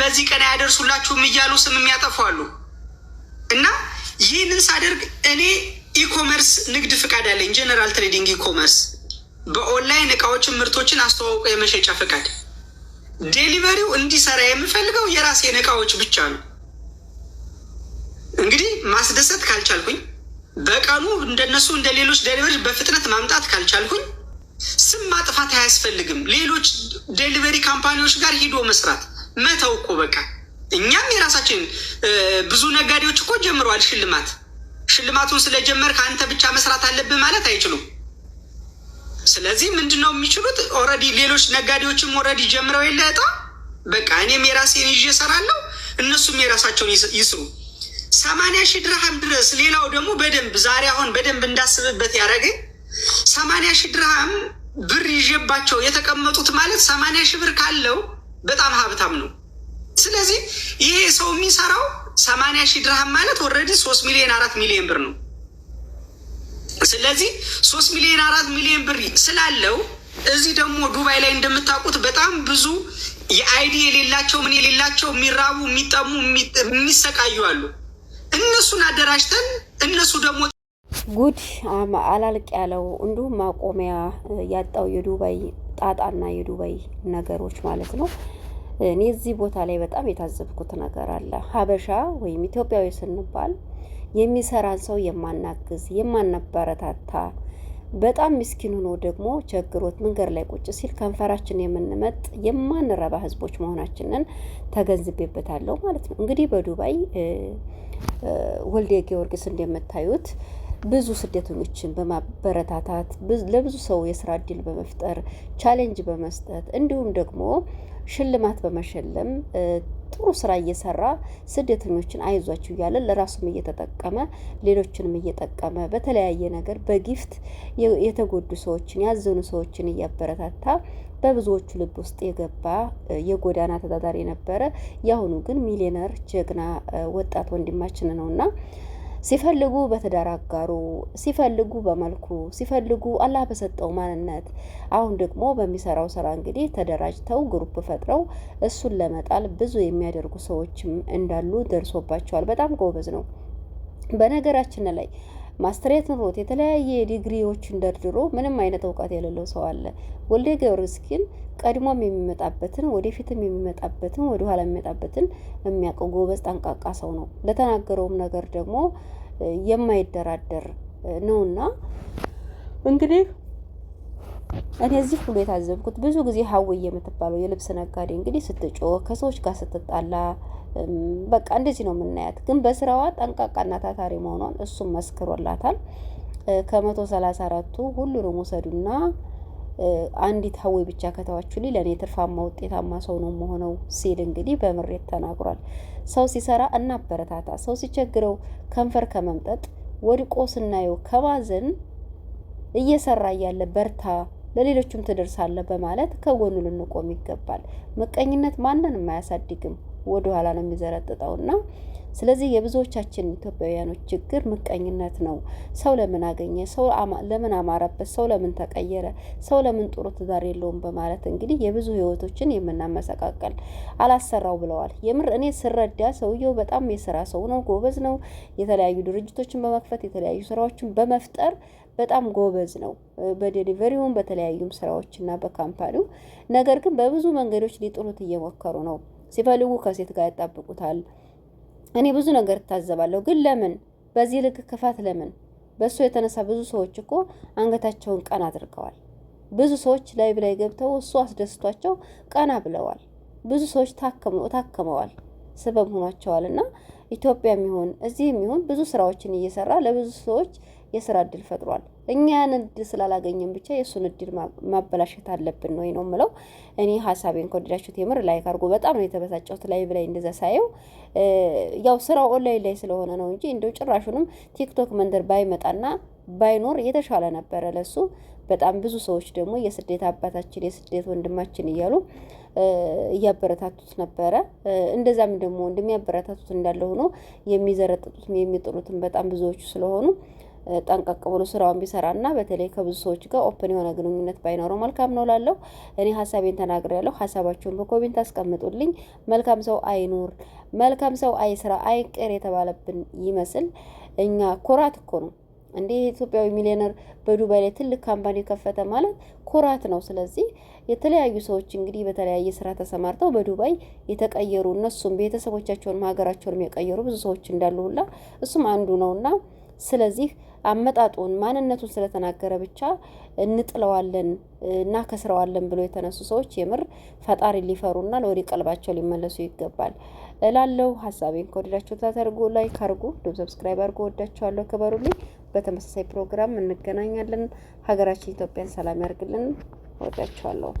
በዚህ ቀን አያደርሱላችሁም እያሉ ስም አሉ። እና ይህንን ሳደርግ እኔ ኢኮመርስ ንግድ ፍቃድ አለኝ። ጀነራል ትሬዲንግ ኢኮመርስ በኦንላይን እቃዎችን፣ ምርቶችን አስተዋውቀ የመሸጫ ፍቃድ ዴሊቨሪው እንዲሰራ የምፈልገው የራሴን እቃዎች ብቻ ነው። እንግዲህ ማስደሰት ካልቻልኩኝ በቀኑ እንደነሱ እንደ ሌሎች ዴሊቨሪ በፍጥነት ማምጣት ካልቻልኩኝ ስም ማጥፋት አያስፈልግም። ሌሎች ዴሊቨሪ ካምፓኒዎች ጋር ሂዶ መስራት መተው እኮ በቃ እኛም የራሳችን ብዙ ነጋዴዎች እኮ ጀምረዋል። ሽልማት ሽልማቱን ስለጀመር ከአንተ ብቻ መስራት አለብህ ማለት አይችሉም። ስለዚህ ምንድን ነው የሚችሉት? ኦልሬዲ ሌሎች ነጋዴዎችም ኦልሬዲ ጀምረው የለ በቃ እኔም የራሴን ይዤ እሰራለሁ፣ እነሱም የራሳቸውን ይስሩ። ሰማንያ ሺህ ድርሃም ድረስ ሌላው ደግሞ በደንብ ዛሬ አሁን በደንብ እንዳስብበት ያደረገኝ ሰማንያ ሺህ ድርሃም ብር ይዤባቸው የተቀመጡት ማለት ሰማንያ ሺህ ብር ካለው በጣም ሀብታም ነው። ስለዚህ ይሄ ሰው የሚሰራው ሰማንያ ሺህ ድርሃም ማለት ወረዲ ሶስት ሚሊዮን አራት ሚሊዮን ብር ነው። ስለዚህ ሶስት ሚሊዮን አራት ሚሊዮን ብር ስላለው እዚህ ደግሞ ዱባይ ላይ እንደምታውቁት በጣም ብዙ የአይዲ የሌላቸው ምን የሌላቸው የሚራቡ የሚጠሙ የሚሰቃዩ አሉ። እነሱን አደራጅተን እነሱ ደግሞ ጉድ አላልቅ ያለው እንዲሁም ማቆሚያ ያጣው የዱባይ ጣጣና የዱባይ ነገሮች ማለት ነው። እኔ እዚህ ቦታ ላይ በጣም የታዘብኩት ነገር አለ። ሀበሻ ወይም ኢትዮጵያዊ ስንባል የሚሰራን ሰው የማናግዝ የማናበረታታ፣ በጣም ምስኪን ሆኖ ደግሞ ቸግሮት መንገድ ላይ ቁጭ ሲል ከንፈራችን የምንመጥ የማንረባ ህዝቦች መሆናችንን ተገንዝቤበታለሁ ማለት ነው። እንግዲህ በዱባይ ወልደ ጊዮርጊስ እንደምታዩት ብዙ ስደተኞችን በማበረታታት ለብዙ ሰው የስራ እድል በመፍጠር ቻሌንጅ በመስጠት እንዲሁም ደግሞ ሽልማት በመሸለም ጥሩ ስራ እየሰራ ስደተኞችን አይዟችሁ እያለ ለራሱም እየተጠቀመ ሌሎችንም እየጠቀመ በተለያየ ነገር በጊፍት የተጎዱ ሰዎችን ያዘኑ ሰዎችን እያበረታታ በብዙዎቹ ልብ ውስጥ የገባ የጎዳና ተዳዳሪ ነበረ። ያሁኑ ግን ሚሊዮነር ጀግና ወጣት ወንድማችን ነውና ሲፈልጉ በትዳር አጋሩ፣ ሲፈልጉ በመልኩ፣ ሲፈልጉ አላህ በሰጠው ማንነት፣ አሁን ደግሞ በሚሰራው ስራ እንግዲህ ተደራጅተው ግሩፕ ፈጥረው እሱን ለመጣል ብዙ የሚያደርጉ ሰዎችም እንዳሉ ደርሶባቸዋል። በጣም ጎበዝ ነው። በነገራችን ላይ ማስትሬት ኑሮት የተለያየ ዲግሪዎችን ደርድሮ ምንም አይነት እውቀት የሌለው ሰው አለ። ወልደ ገብረ ስኪን ቀድሞም የሚመጣበትን ወደፊትም የሚመጣበትን ወደኋላ የሚመጣበትን የሚያውቀው ጎበዝ ጠንቃቃ ሰው ነው። ለተናገረውም ነገር ደግሞ የማይደራደር ነውና እንግዲህ እኔ እዚህ ሁሉ የታዘብኩት ብዙ ጊዜ ሀዊ የምትባለው የልብስ ነጋዴ እንግዲህ ስትጮህ ከሰዎች ጋር ስትጣላ በቃ እንደዚህ ነው የምናያት። ግን በስራዋ ጠንቃቃና ታታሪ መሆኗን እሱም መስክሮላታል። ከመቶ ሰላሳ አራቱ ሁሉንም ውሰዱና አንዲት ሀዌ ብቻ ከተዋችሁ ሊ ለእኔ ትርፋማ ውጤታማ ሰው ነው መሆነው ሲል እንግዲህ በምሬት ተናግሯል። ሰው ሲሰራ እናበረታታ። ሰው ሲቸግረው ከንፈር ከመምጠጥ ወድቆ ስናየው ከማዘን እየሰራ እያለ በርታ ለሌሎችም ትደርሳለህ በማለት ከጎኑ ልንቆም ይገባል። ምቀኝነት ማንንም አያሳድግም። ወደ ኋላ ነው የሚዘረጥጠውና ስለዚህ የብዙዎቻችን ኢትዮጵያውያኖች ችግር ምቀኝነት ነው። ሰው ለምን አገኘ፣ ሰው ለምን አማረበት፣ ሰው ለምን ተቀየረ፣ ሰው ለምን ጥሩ ትዳር የለውም በማለት እንግዲህ የብዙ ህይወቶችን የምናመሰቃቀል አላሰራው ብለዋል። የምር እኔ ስረዳ ሰውየው በጣም የስራ ሰው ነው፣ ጎበዝ ነው። የተለያዩ ድርጅቶችን በመክፈት የተለያዩ ስራዎችን በመፍጠር በጣም ጎበዝ ነው፣ በዴሊቨሪውም በተለያዩም ስራዎችና በካምፓኒው ነገር ግን በብዙ መንገዶች ሊጥሉት እየሞከሩ ነው። ሲፈልጉ ከሴት ጋር ያጣብቁታል። እኔ ብዙ ነገር እታዘባለሁ። ግን ለምን በዚህ ልክ ክፋት ለምን? በእሱ የተነሳ ብዙ ሰዎች እኮ አንገታቸውን ቀና አድርገዋል። ብዙ ሰዎች ላይ ብላይ ገብተው እሱ አስደስቷቸው ቀና ብለዋል። ብዙ ሰዎች ታክመዋል፣ ስበብ ሆኗቸዋል እና ኢትዮጵያም ይሁን እዚህም ይሁን ብዙ ስራዎችን እየሰራ ለብዙ ሰዎች የስራ እድል ፈጥሯል። እኛ ያን እድል ስላላገኘም ብቻ የእሱን እድል ማበላሸት አለብን ነው ነው ምለው። እኔ ሀሳቤን ከወደዳችሁት የምር ላይክ አድርጎ። በጣም ነው የተበሳጨሁት ላይ ብላይ እንደዛ ሳየው። ያው ስራው ኦንላይን ላይ ስለሆነ ነው እንጂ እንደው ጭራሹንም ቲክቶክ መንደር ባይመጣና ባይኖር የተሻለ ነበረ ለሱ። በጣም ብዙ ሰዎች ደግሞ የስደት አባታችን የስደት ወንድማችን እያሉ እያበረታቱት ነበረ። እንደዛም ደግሞ እንደሚያበረታቱት እንዳለ ሆኖ የሚዘረጥጡትም የሚጥሉትም በጣም ብዙዎቹ ስለሆኑ ጠንቀቅ ብሎ ስራውን ቢሰራና በተለይ ከብዙ ሰዎች ጋር ኦፕን የሆነ ግንኙነት ባይኖረው መልካም ነው ላለው እኔ ሀሳቤን ተናግሬ ያለው ሀሳባችሁን በኮሜንት አስቀምጡልኝ። መልካም ሰው አይኑር፣ መልካም ሰው አይስራ፣ አይቅር የተባለብን ይመስል እኛ ኩራት እኮ ነው እንዴ ኢትዮጵያዊ ሚሊዮነር በዱባይ ላይ ትልቅ ካምፓኒ ከፈተ ማለት ኩራት ነው። ስለዚህ የተለያዩ ሰዎች እንግዲህ በተለያየ ስራ ተሰማርተው በዱባይ የተቀየሩ እነሱም ቤተሰቦቻቸውንም ሀገራቸውንም የቀየሩ ብዙ ሰዎች እንዳሉ ሁላ እሱም አንዱ ነውና ስለዚህ አመጣጡን ማንነቱን ስለተናገረ ብቻ እንጥለዋለን እና ከስረዋለን ብሎ የተነሱ ሰዎች የምር ፈጣሪ ሊፈሩና ወደ ቀልባቸው ሊመለሱ ይገባል እላለሁ። ሀሳቤን ከወደዳችሁ ታተርጉ ላይክ አርጉ፣ ዱብ ሰብስክራይብ አርጉ። ወዳችኋለሁ። ክበሩልኝ። በተመሳሳይ ፕሮግራም እንገናኛለን። ሀገራችን ኢትዮጵያን ሰላም ያርግልን። እወዳችኋለሁ።